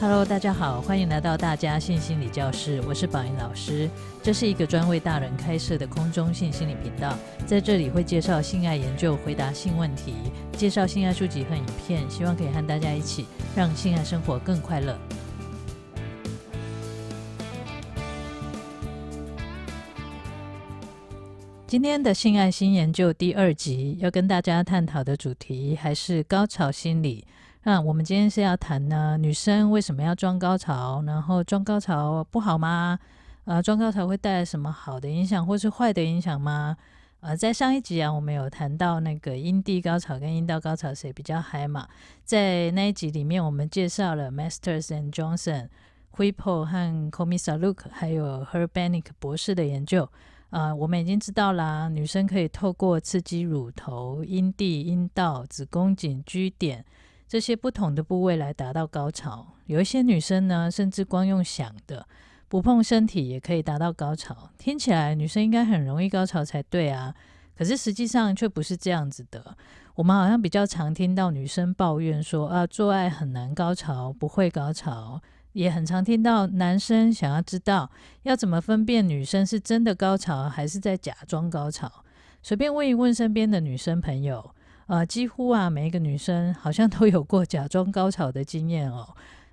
Hello，大家好，歡迎來到大家性心理教室，我是寶瑩老師。這是一個專為大人開設的空中性心理頻道，在這裡會介紹性愛研究、回答性問題、介紹性愛書籍和影片，希望可以和大家一起讓性愛生活更快樂。今天的性愛心研究第二集，要跟大家探討的主題還是高潮心理。那、嗯、我們今天是要談呢，女生為什麼要裝高潮？然後裝高潮不好嗎？呃，裝高潮會帶來什麼好的影響，或是壞的影響嗎？呃，在上一集啊，我們有談到那個陰蒂高潮跟陰道高潮誰比較嗨嘛？在那一集裡面，我們介紹了 Masters and Johnson、Whipple 和 Komisaruk 還有 Herbenick 博士的研究。啊、呃，我們已經知道了，女生可以透過刺激乳頭、陰蒂、陰道、子宮頸、G 點。這些不同的部位來達到高潮，有一些女生呢，甚至光用想的，不碰身體也可以達到高潮。聽起來女生應該很容易高潮才對啊，可是實際上卻不是這樣子的。我們好像比較常聽到女生抱怨說啊，做愛很難高潮，不會高潮，也很常聽到男生想要知道要怎麼分辨女生是真的高潮還是在假裝高潮。隨便問一問身邊的女生朋友，呃，幾乎啊，每一個女生好像都有過假裝高潮的經驗哦。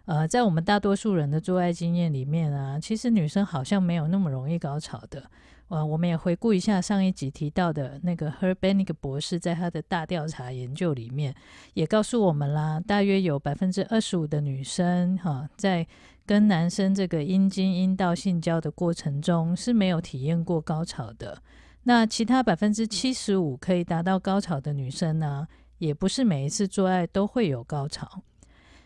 呃，在我們大多數人的做愛經驗裡面啊，其實女生好像沒有那麼容易高潮的。呃，我們也回顧一下上一集提到的那個 Herbenick 博士在他的大調查研究裡面，也告訴我們啦，大約有百分之二十五的女生哈，啊，在跟男生這個陰莖陰道性交的過程中是沒有體驗過高潮的。那其他百分之七十五可以達到高潮的女生呢、啊，也不是每一次做愛都會有高潮。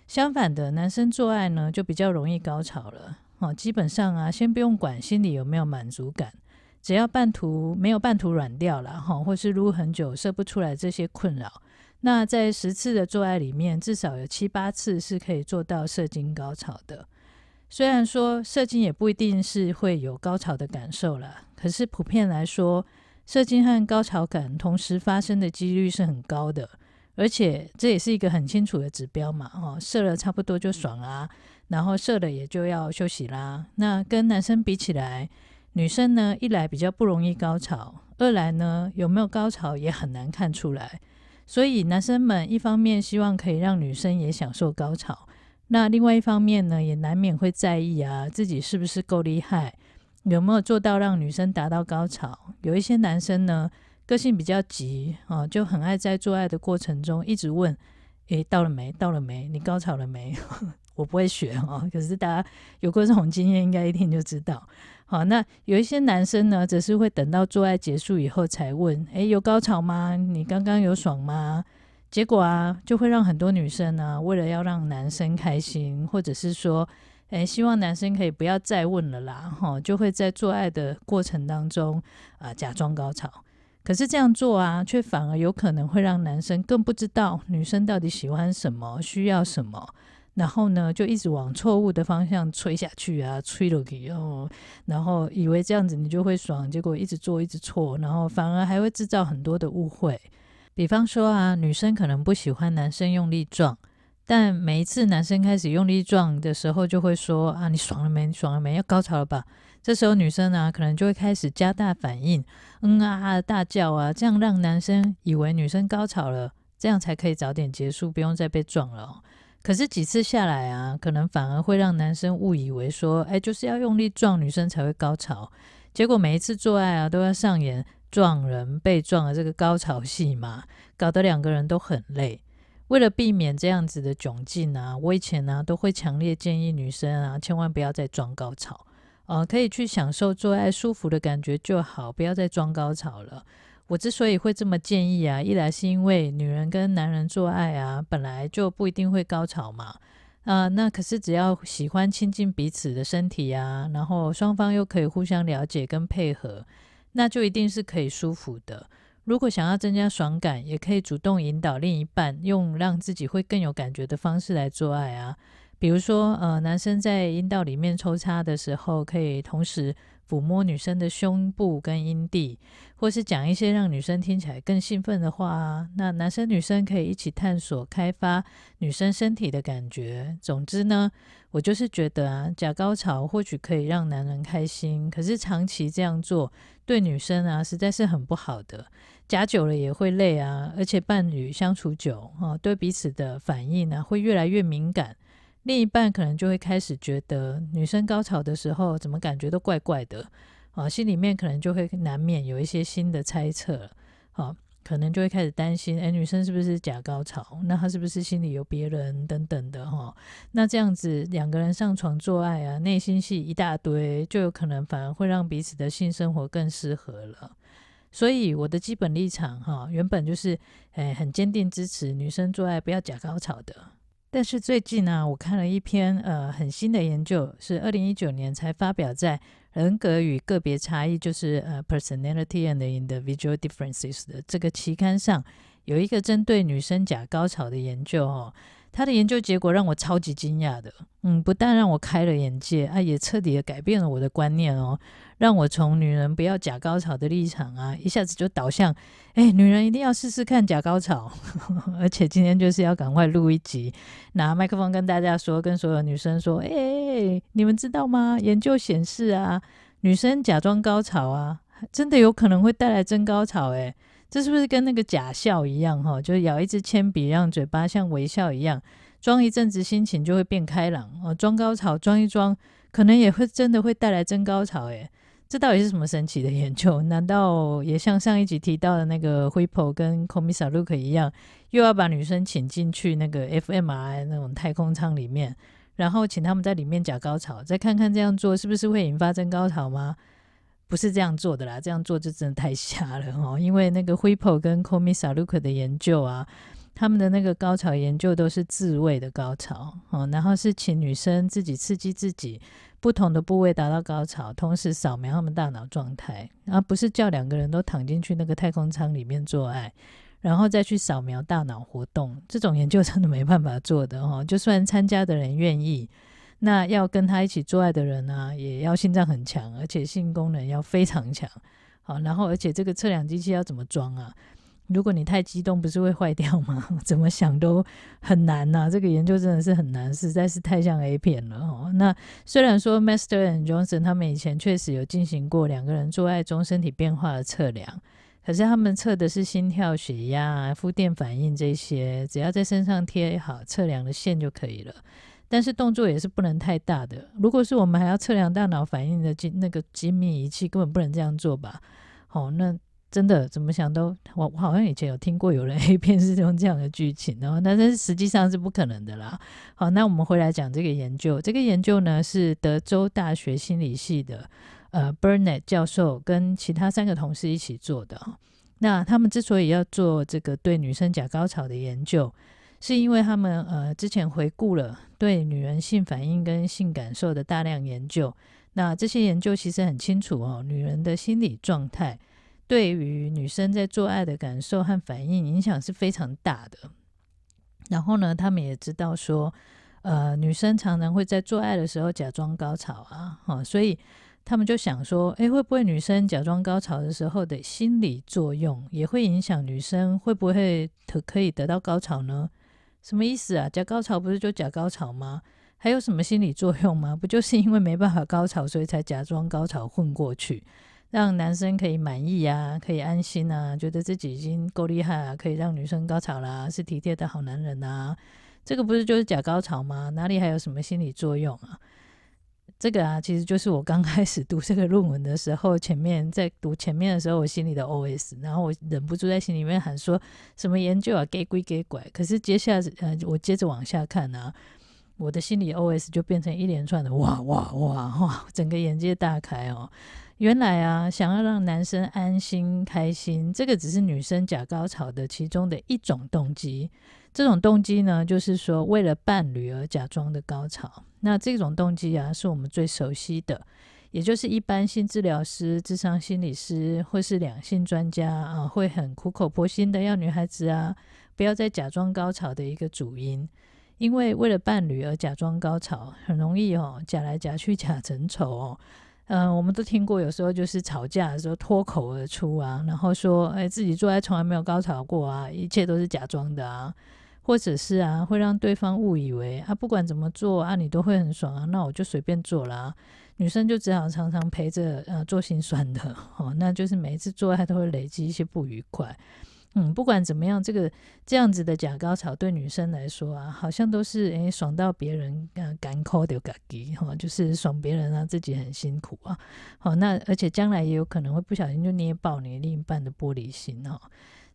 相反的，男生做愛呢，就比較容易高潮了。哦，基本上啊，先不用管心裡有沒有滿足感，只要半途，沒有半途軟掉了哈、哦，或是擼很久射不出來這些困擾，那在十次的做愛裡面，至少有七八次是可以做到射精高潮的。雖然說射精也不一定是會有高潮的感受啦，可是普遍來說，射精和高潮感同時發生的幾率是很高的，而且這也是一個很清楚的指標嘛。哦，射了差不多就爽啦，然後射了也就要休息啦。那跟男生比起來，女生呢，一來比較不容易高潮，二來呢，有沒有高潮也很難看出來。所以男生們一方面希望可以讓女生也享受高潮。那另外一方面呢，也難免會在意啊，自己是不是夠厲害，有沒有做到讓女生達到高潮？有一些男生呢，個性比較急啊、哦，就很愛在做愛的過程中一直問：“誒、欸，到了沒？到了沒？你高潮了沒？” 我不會學啊、哦，可是大家有過這種經驗，應該一聽就知道。好、哦，那有一些男生呢，則是會等到做愛結束以後才問：“誒、欸，有高潮嗎？你剛剛有爽嗎？”結果啊，就會讓很多女生呢、啊，為了要讓男生開心，或者是說，誒，希望男生可以不要再問了啦，吼，就會在做愛的過程當中啊，假裝高潮。可是這樣做啊，卻反而有可能會讓男生更不知道女生到底喜歡什麼、需要什麼，然後呢，就一直往錯誤的方向吹下去啊，吹下去哦，然後以為這樣子你就會爽，結果一直做一直錯，然後反而還會製造很多的誤會。比方說啊，女生可能不喜歡男生用力撞，但每一次男生開始用力撞的時候，就會說啊，你爽了沒？你爽了沒？要高潮了吧？這時候女生啊，可能就會開始加大反應，嗯啊啊，大叫啊，這樣讓男生以為女生高潮了，這樣才可以早點結束，不用再被撞了哦。可是幾次下來啊，可能反而會讓男生誤以為說，哎，就是要用力撞，女生才會高潮，結果每一次做愛啊，都要上演。撞人被撞的這個高潮戲嘛，搞得兩個人都很累。為了避免這樣子的窘境啊，我以前呢、啊、都會強烈建議女生啊，千萬不要再裝高潮，呃，可以去享受做愛舒服的感覺就好，不要再裝高潮了。我之所以會這麼建議啊，一來是因為女人跟男人做愛啊，本來就不一定會高潮嘛，啊、呃，那可是只要喜歡親近彼此的身體啊，然後雙方又可以互相了解跟配合。那就一定是可以舒服的。如果想要增加爽感，也可以主動引導另一半，用讓自己會更有感覺的方式來做愛啊。比如說，呃，男生在陰道裡面抽插的時候，可以同時。撫摸女生的胸部跟陰蒂，或是講一些讓女生聽起來更興奮的話啊。那男生女生可以一起探索開發女生身體的感覺。總之呢，我就是覺得啊，假高潮或許可以讓男人開心，可是長期這樣做對女生啊實在是很不好的。假久了也會累啊，而且伴侶相處久啊哦，對彼此的反應呢啊會越來越敏感。另一半可能就會開始覺得女生高潮的時候怎麼感覺都怪怪的，啊，心裡面可能就會難免有一些新的猜測，啊，可能就會開始擔心，哎、欸，女生是不是假高潮？那她是不是心裡有別人等等的哈？那這樣子兩個人上床做愛啊，內心戲一大堆，就有可能反而會讓彼此的性生活更適合了。所以我的基本立場哈，原本就是，哎、欸，很堅定支持女生做愛不要假高潮的。但是最近呢、啊，我看了一篇呃很新的研究，是二零一九年才發表在《人格與個別差異》，就是呃《uh, Personality and Individual Differences》的這個期刊上，有一個針對女生假高潮的研究哦。他的研究結果讓我超級驚訝的，嗯，不但讓我開了眼界啊，也徹底的改變了我的觀念哦，讓我從女人不要假高潮的立場啊，一下子就倒向，哎、欸，女人一定要試試看假高潮， 而且今天就是要趕快錄一集，拿麥克風跟大家說，跟所有女生說，哎、欸，你們知道嗎？研究顯示啊，女生假裝高潮啊，真的有可能會帶來真高潮哎、欸。這是不是跟那個假笑一樣哈、哦？就是咬一支鉛筆，讓嘴巴像微笑一樣，裝一陣子，心情就會變開朗哦。裝高潮，裝一裝，可能也會真的會帶來真高潮誒，這到底是什麼神奇的研究？難道也像上一集提到的那個 Whipple 跟 Komisaruk 一樣，又要把女生請進去那個 fMRI 那種太空艙裡面，然後請他們在裡面假高潮，再看看這樣做是不是會引發真高潮嗎？不是這樣做的啦，這樣做就真的太瞎了哦。因為那個 Whipple 跟 Komisaruk 的研究啊，他們的那個高潮研究都是自慰的高潮哦，然後是請女生自己刺激自己不同的部位達到高潮，同時掃描他們大腦狀態。而不是叫兩個人都躺進去那個太空艙裡面做愛，然後再去掃描大腦活動。這種研究真的沒辦法做的哦，就算參加的人願意。.那要跟他一起做愛的人呢、啊，也要心臟很強，而且性功能要非常強，好，然後而且這個測量機器要怎麼裝啊？如果你太激動，不是會壞掉嗎？ 怎麼想都很難吶、啊，這個研究真的是很難，實在是太像 A 片了哦。那雖然說 Master and Johnson 他們以前確實有進行過兩個人做愛中身體變化的測量，可是他們測的是心跳血、血壓、膚電反應這些，只要在身上貼好測量的線就可以了。但是動作也是不能太大的。如果是我們還要測量大腦反應的精那個精密儀器，根本不能這樣做吧？好、哦，那真的怎麼想都，我我好像以前有聽過有人 A 片是用這樣的劇情，然後那但是實際上是不可能的啦。好、哦，那我們回來講這個研究。這個研究呢是德州大學心理系的呃 Burnett 教授跟其他三個同事一起做的。那他們之所以要做這個對女生假高潮的研究。是因為他們呃之前回顧了對女人性反應跟性感受的大量研究，那這些研究其實很清楚哦，女人的心理狀態對於女生在做愛的感受和反應影響是非常大的。然後呢，他們也知道說，呃，女生常常會在做愛的時候假裝高潮啊，哦，所以他們就想說，誒，會不會女生假裝高潮的時候的心理作用也會影響女生會不會可可以得到高潮呢？什麼意思啊？假高潮不是就假高潮嗎？還有什麼心理作用嗎？不就是因為沒辦法高潮，所以才假裝高潮混過去，讓男生可以滿意啊，可以安心啊，覺得自己已經夠厲害啊，可以讓女生高潮啦，啊，是體貼的好男人啊。這個不是就是假高潮嗎？哪裡還有什麼心理作用啊？這個啊，其實就是我剛開始讀這個論文的時候，前面在讀前面的時候，我心裡的 OS，然後我忍不住在心裡面喊說，什麼研究啊假鬼假怪。可是接下來呃，我接着往下看呢，啊，我的心裡 OS 就變成一連串的哇哇哇哇，整個眼界大開哦，原來啊，想要讓男生安心開心，這個只是女生假高潮的其中的一種動機。這種動機呢，就是說為了伴侶而假裝的高潮。那這種動機啊，是我們最熟悉的，也就是一般性治療師、諮商心理師、或是兩性專家啊，會很苦口婆心的要女孩子啊，不要再假裝高潮的一個主因。因為為了伴侶而假裝高潮，很容易哦，假來假去假成仇哦。嗯、呃，我們都聽過，有時候就是吵架的時候脫口而出啊，然後說，誒、欸，自己做愛從來沒有高潮過啊，一切都是假裝的啊。或者是啊，會讓對方誤以為啊，不管怎麼做啊，你都會很爽啊，那我就隨便做啦。女生就只好常常陪着呃、啊、做心酸的哦，那就是每一次做愛都會累積一些不愉快。嗯，不管怎麼樣，這個這樣子的假高潮對女生來說啊，好像都是誒、欸，爽到別人啊艱苦到自己哦，就是爽別人啊自己很辛苦啊。好、哦，那而且將來也有可能會不小心就捏爆你另一半的玻璃心哦。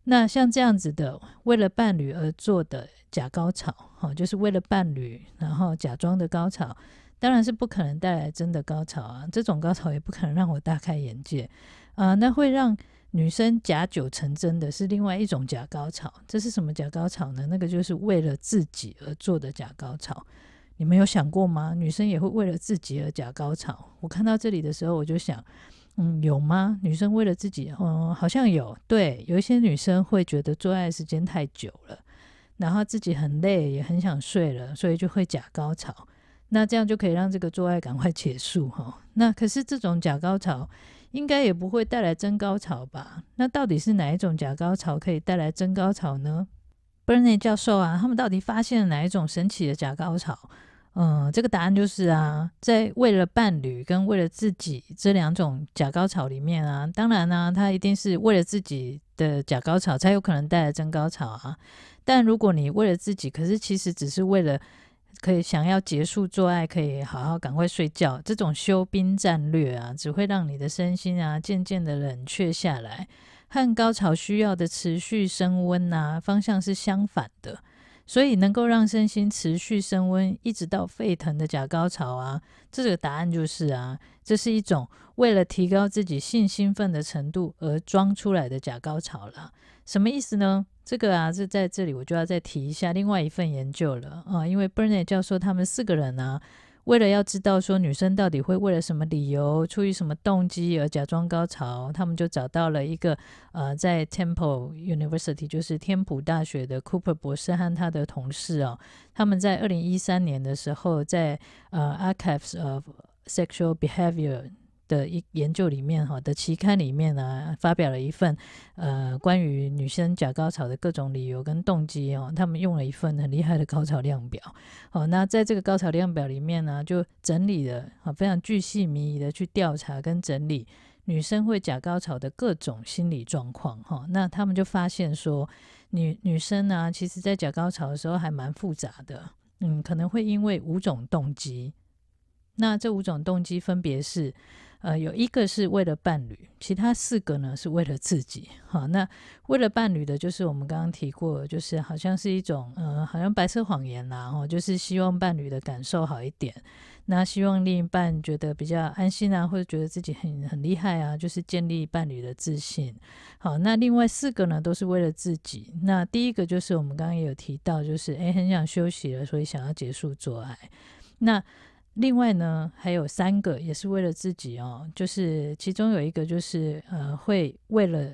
那像這樣子的，為了伴侶而做的假高潮，哦，就是為了伴侶，然後假裝的高潮，當然是不可能帶來真的高潮啊。這種高潮也不可能讓我大開眼界啊，呃。那會讓女生假酒成真的是另外一種假高潮，這是什麼假高潮呢？那個就是為了自己而做的假高潮。你們有想過嗎？女生也會為了自己而假高潮。我看到這裡的時候，我就想。嗯，有嗎？女生為了自己，嗯、哦，好像有。對，有一些女生會覺得做愛時間太久了，然後自己很累，也很想睡了，所以就會假高潮。那這樣就可以讓這個做愛趕快結束，哈。那可是這種假高潮應該也不會帶來真高潮吧？那到底是哪一種假高潮可以帶來真高潮呢？Bernie 教授啊，他們到底發現了哪一種神奇的假高潮？嗯，這個答案就是啊，在為了伴侶跟為了自己這兩種假高潮裡面啊，當然呢，啊，他一定是為了自己的假高潮才有可能帶來真高潮啊。但如果你為了自己，可是其實只是為了可以想要結束做愛，可以好好趕快睡覺，這種休兵戰略啊，只會讓你的身心啊漸漸的冷卻下來，和高潮需要的持續升溫啊方向是相反的。所以能夠讓身心持續升溫，一直到沸騰的假高潮啊，這個答案就是啊，這是一種為了提高自己性興奮的程度而裝出來的假高潮啦。什麼意思呢？這個啊，就在這裡我就要再提一下另外一份研究了啊，因為 Bernie 教授他們四個人呢、啊。為了要知道說女生到底會為了什麼理由，出於什麼動機而假裝高潮，他們就找到了一個呃，在 Temple University，就是天普大學的 Cooper 博士和他的同事哦，他們在二零一三年的時候在，在呃 Archives of Sexual Behavior。的一研究裡面哈，的期刊裡面呢、啊，發表了一份呃關於女生假高潮的各種理由，跟動機哦，他們用了一份很厲害的高潮量表哦，那在這個高潮量表裡面呢、啊，就整理了啊非常巨細靡遺的去調查跟整理女生會假高潮的各種心理狀況哈，那他們就發現說女女生呢、啊，其實在假高潮的時候還蠻複雜的，嗯，可能會因為五種動機，那這五種動機分別是。呃，有一個是為了伴侶，其他四個呢是為了自己。好，那為了伴侶的，就是我們剛剛提過，就是好像是一種呃，好像白色謊言啦，啊哦，就是希望伴侶的感受好一點，那希望另一半覺得比較安心啊，或者覺得自己很很厲害啊，就是建立伴侶的自信。好，那另外四個呢，都是為了自己。那第一個就是我們剛剛也有提到，就是誒，很想休息了，所以想要結束做愛。那另外呢，還有三個，也是為了自己哦。就是其中有一個，就是呃，會為了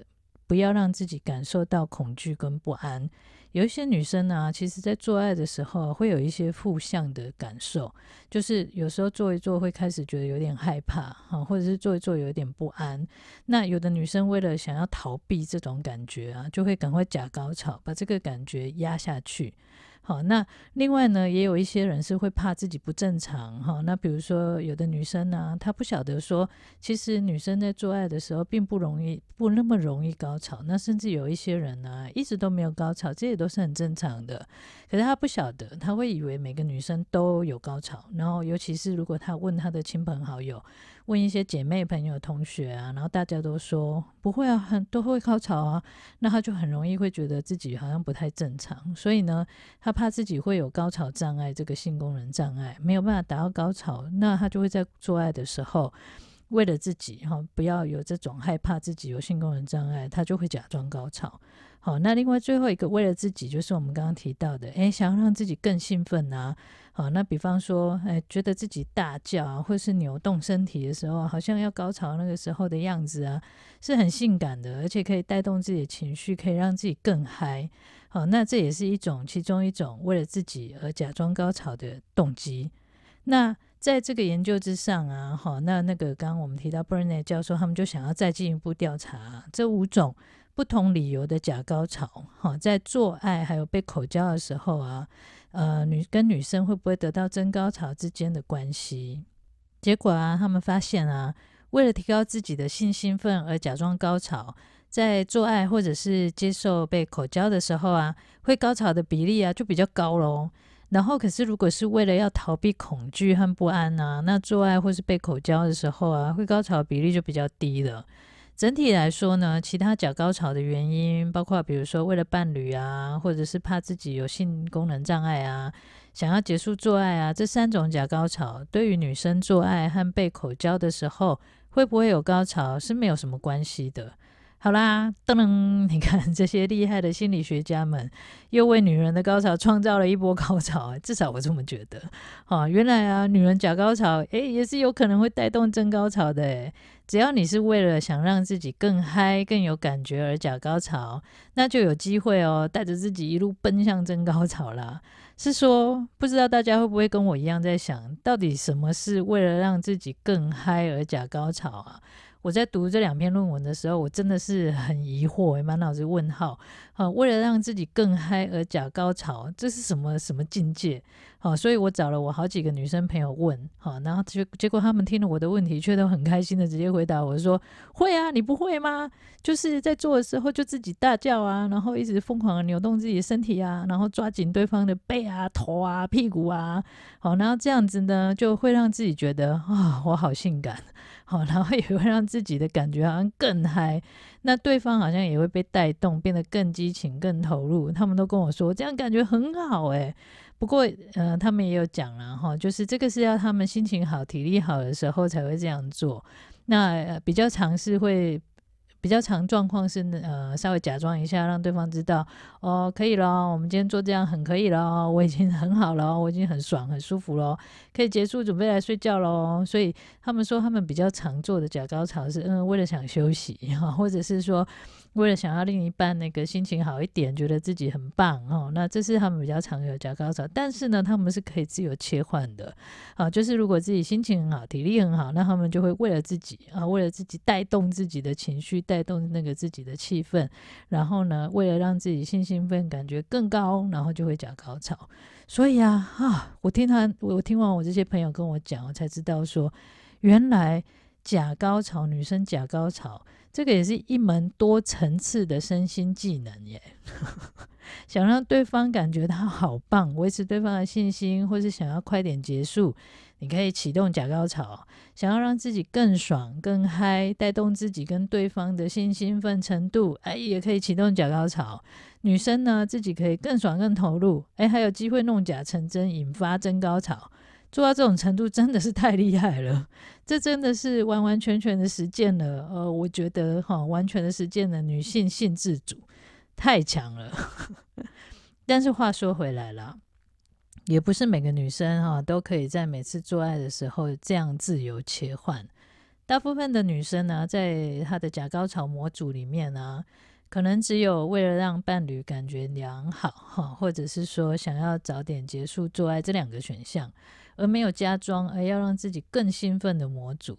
不要讓自己感受到恐懼跟不安。有一些女生啊，其實在做愛的時候啊，會有一些負向的感受，就是有時候做一做會開始覺得有點害怕，呃，或者是做一做有點不安。那有的女生為了想要逃避這種感覺啊，就會趕快假高潮，把這個感覺壓下去。好，那另外呢，也有一些人是會怕自己不正常，哈、哦。那比如說，有的女生呢、啊，她不曉得說，其實女生在做愛的時候並不容易，不那麼容易高潮。那甚至有一些人呢、啊，一直都沒有高潮，這也都是很正常的。可是她不曉得，她會以為每個女生都有高潮。然後，尤其是如果她問她的親朋好友。問一些姐妹、朋友、同學啊，然後大家都說不會啊，很多會高潮啊，那他就很容易會覺得自己好像不太正常，所以呢，他怕自己會有高潮障礙，這個性功能障礙沒有辦法達到高潮，那他就會在做愛的時候，為了自己哈、哦，不要有這種害怕自己有性功能障礙，他就會假裝高潮。好、哦，那另外最後一個為了自己，就是我們剛剛提到的，誒、欸，想要讓自己更興奮啊。好、哦，那比方說，誒、欸，覺得自己大叫、啊、或是扭動身體的時候，好像要高潮那個時候的樣子啊，是很性感的，而且可以帶動自己的情緒，可以讓自己更嗨。好，那這也是一種其中一種為了自己而假裝高潮的動機。那在這個研究之上啊，好、哦，那那個剛剛我們提到 Burnet 教授，他們就想要再進一步調查、啊、這五種。不同理由的假高潮，哈，在做愛還有被口交的時候啊，呃，女跟女生會不會得到真高潮之間的關係？結果啊，他們發現啊，為了提高自己的性興奮而假裝高潮，在做愛或者是接受被口交的時候啊，會高潮的比例啊就比較高嘍。然後，可是如果是為了要逃避恐懼和不安啊，那做愛或是被口交的時候啊，會高潮的比例就比較低了。整體來說呢，其他假高潮的原因，包括比如說為了伴侶啊，或者是怕自己有性功能障礙啊，想要結束做愛啊，這三種假高潮，對於女生做愛和被口交的時候，會不會有高潮是沒有什麼關係的。好啦，噔噔！你看這些厲害的心理學家們，又為女人的高潮創造了一波高潮、欸。至少我這麼覺得。哈、啊，原來啊，女人假高潮，誒、欸，也是有可能會帶動真高潮的、欸。只要你是為了想讓自己更嗨、更有感覺而假高潮，那就有機會哦，帶着自己一路奔向真高潮啦。是說，不知道大家會不會跟我一樣在想，到底什麼是為了讓自己更嗨而假高潮啊？我在讀這兩篇論文的時候，我真的是很疑惑，滿腦子問號。好、呃，為了讓自己更嗨而假高潮，這是什麼什麼境界？好、呃，所以我找了我好幾個女生朋友問，好、呃，然後結結果她們聽了我的問題，卻都很開心的直接回答我說：“會啊，你不會嗎？就是在做的時候就自己大叫啊，然後一直瘋狂的扭動自己的身體啊，然後抓緊對方的背啊、頭啊、屁股啊，好、呃，然後這樣子呢，就會讓自己覺得啊、哦，我好性感，好、呃，然後也會讓自己的感覺好像更嗨。”那對方好像也會被帶動，變得更激情、更投入。他們都跟我說，這樣感覺很好哎、欸。不過，呃，他們也有講了哈，就是這個是要他們心情好、體力好的時候才會這樣做。那、呃、比較常試是會。比較常狀況是呃，稍微假裝一下，讓對方知道哦，可以了。我們今天做這樣很可以了，我已經很好了，我已經很爽很舒服了，可以結束準備來睡覺了。所以他們說他們比較常做的假高潮是嗯，為了想休息哈，或者是說為了想要另一半那個心情好一點，覺得自己很棒哦。那這是他們比較常有的假高潮，但是呢，他們是可以自由切換的啊，就是如果自己心情很好，體力很好，那他們就會為了自己啊，為了自己帶動自己的情緒帶。帶動那個自己的氣氛，然後呢，為了讓自己性興奮感覺更高，然後就會假高潮。所以啊，啊，我聽他，我聽完我這些朋友跟我講，我才知道說，原來假高潮，女生假高潮，這個也是一門多層次的身心技能耶。 想讓對方感覺他好棒，維持對方的信心，或是想要快點結束。你可以啟動假高潮，想要讓自己更爽、更嗨，帶動自己跟對方的性興奮程度，哎，也可以啟動假高潮。女生呢，自己可以更爽、更投入，哎，還有機會弄假成真，引發真高潮。做到這種程度，真的是太厲害了，這真的是完完全全的實踐了。呃，我覺得哈，完全的實踐了女性性自主，太強了。 但是話說回來了。也不是每個女生哈、啊、都可以在每次做愛的時候這樣自由切換，大部分的女生呢、啊，在她的假高潮模組裡面呢、啊，可能只有為了讓伴侶感覺良好哈，或者是說想要早點結束做愛這兩個選項，而沒有加裝而要讓自己更興奮的模組，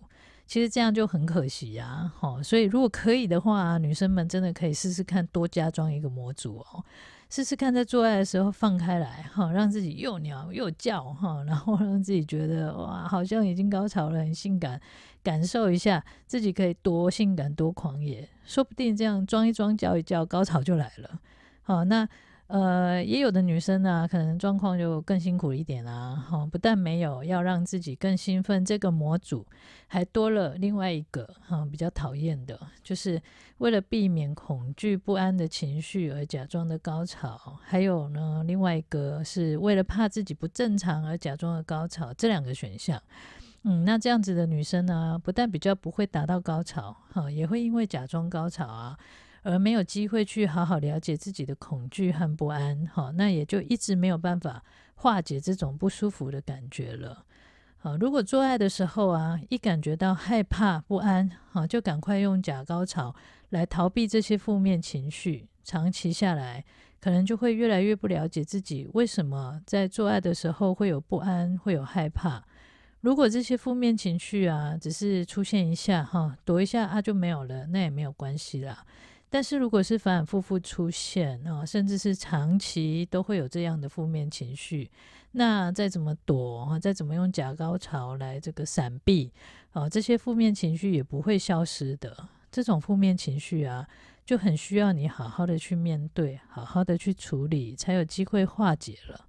其實這樣就很可惜啊。好、哦，所以如果可以的話、啊，女生們真的可以試試看多加裝一個模組哦。試試看，在做愛的時候放開來，哈、哦，讓自己又扭又叫，哈、哦，然後讓自己覺得哇，好像已經高潮了，很性感，感受一下自己可以多性感多狂野，說不定這樣裝一裝叫一叫，高潮就來了。好、哦，那。呃，也有的女生呢、啊，可能狀況就更辛苦一點啦、啊。哈、哦，不但沒有要讓自己更興奮這個模組，還多了另外一個哈、哦、比較討厭的，就是為了避免恐懼不安的情緒而假裝的高潮，還有呢，另外一個是為了怕自己不正常而假裝的高潮，這兩個選項。嗯，那這樣子的女生呢、啊，不但比較不會達到高潮，哈、哦，也會因為假裝高潮啊。而沒有機會去好好了解自己的恐懼和不安，那也就一直沒有辦法化解這種不舒服的感覺了。好，如果做愛的時候啊，一感覺到害怕不安，就趕快用假高潮來逃避這些負面情緒，長期下來，可能就會越來越不了解自己為什麼在做愛的時候會有不安，會有害怕。如果這些負面情緒啊，只是出現一下，哈，躲一下它，啊，就沒有了，那也沒有關係啦。但是如果是反反复覆出現啊，甚至是長期都會有這樣的負面情緒，那再怎麼躲啊，再怎麼用假高潮來這個閃避啊，這些負面情緒也不會消失的。這種負面情緒啊，就很需要你好好的去面對，好好的去處理，才有機會化解了。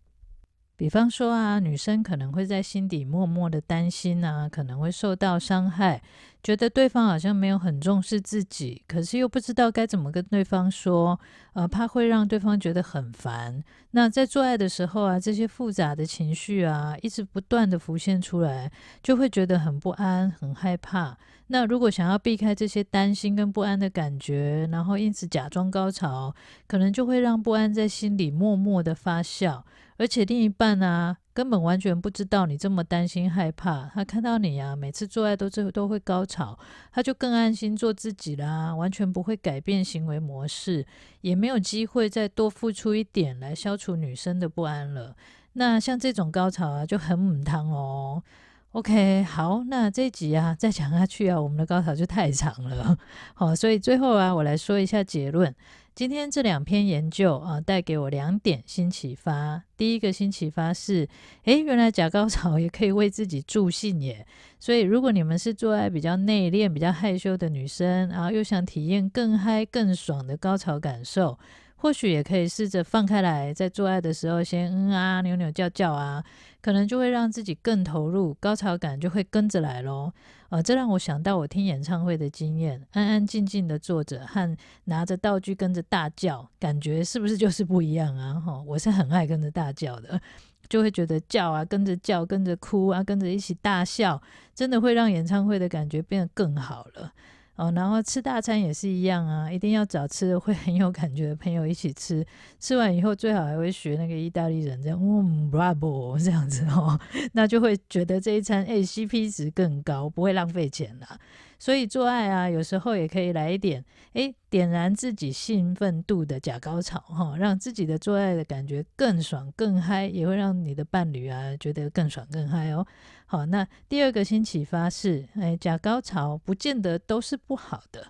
比方說啊，女生可能會在心底默默的擔心啊，可能會受到傷害，覺得對方好像沒有很重視自己，可是又不知道該怎麼跟對方說，呃，怕會讓對方覺得很煩。那在做愛的時候啊，這些複雜的情緒啊，一直不斷的浮現出來，就會覺得很不安、很害怕。那如果想要避開這些擔心跟不安的感覺，然後因此假裝高潮，可能就會讓不安在心裡默默的發酵。而且另一半啊，根本完全不知道你這麼擔心害怕。他看到你啊，每次做愛都最後都會高潮，他就更安心做自己啦，啊，完全不會改變行為模式，也沒有機會再多付出一點來消除女生的不安了。那像這種高潮啊，就很母湯哦。OK，好，那這集啊，再講下去啊，我們的高潮就太長了。好，哦，所以最後啊，我來說一下結論。今天這兩篇研究啊，帶給我兩點新啟發。第一個新啟發是，哎，原來假高潮也可以為自己助興耶。所以，如果你們是做愛比較內斂、比較害羞的女生，然後又想體驗更嗨、更爽的高潮感受。或許也可以試着放開來，在做愛的時候先嗯啊扭扭叫叫啊，可能就會讓自己更投入，高潮感就會跟着來咯。呃，這讓我想到我聽演唱會的經驗，安安靜靜的坐着和拿着道具跟着大叫，感覺是不是就是不一樣啊？吼、哦，我是很愛跟着大叫的，就會覺得叫啊，跟着叫，跟着哭啊，跟着一起大笑，真的會讓演唱會的感覺變得更好了。哦，然後吃大餐也是一樣啊，一定要找吃的會很有感覺的朋友一起吃。吃完以後最好還會學那個意大利人這樣，嗯，bravo 這樣子哦，那就會覺得這一餐哎，CP 值更高，不會浪費錢啦，啊所以做愛啊，有時候也可以來一點，哎，點燃自己興奮度的假高潮哈，讓自己的做愛的感覺更爽更嗨，也會讓你的伴侶啊覺得更爽更嗨哦。好，那第二個心啟發是，哎，假高潮不見得都是不好的。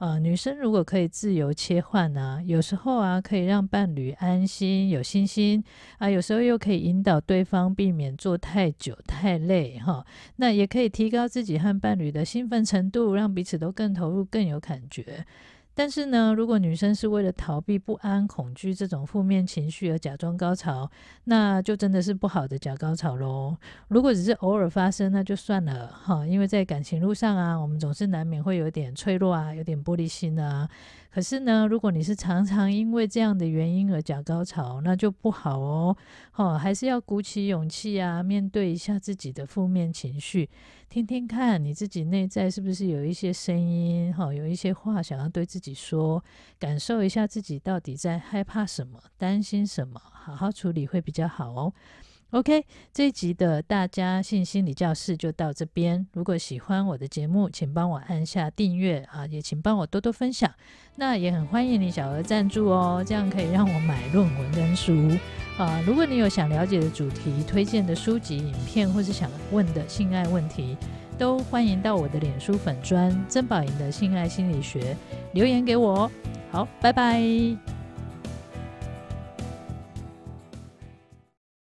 呃，女生如果可以自由切換呢，啊，有時候啊可以讓伴侶安心有信心啊，有時候又可以引導對方避免做太久太累哈，那也可以提高自己和伴侶的興奮程度，讓彼此都更投入更有感覺。但是呢，如果女生是為了逃避不安、恐懼這種負面情緒而假裝高潮，那就真的是不好的假高潮嘍。如果只是偶爾發生，那就算了哈，因為在感情路上啊，我們總是難免會有點脆弱啊，有點玻璃心啊。可是呢，如果你是常常因為這樣的原因而假高潮，那就不好哦。哦，還是要鼓起勇氣啊，面對一下自己的負面情緒，聽聽看你自己內在是不是有一些聲音，哈、哦，有一些話想要對自己說，感受一下自己到底在害怕什麼，擔心什麼，好好處理會比較好哦。OK，這一集的大家性心理教室就到這邊。如果喜歡我的節目，請幫我按下訂閱啊，也請幫我多多分享。那也很歡迎你小額贊助哦，這樣可以讓我買論文跟書啊。如果你有想了解的主題、推薦的書籍、影片，或是想問的性愛問題，都歡迎到我的臉書粉專“曾寶瑩的性愛心理學”留言給我哦。好，拜拜。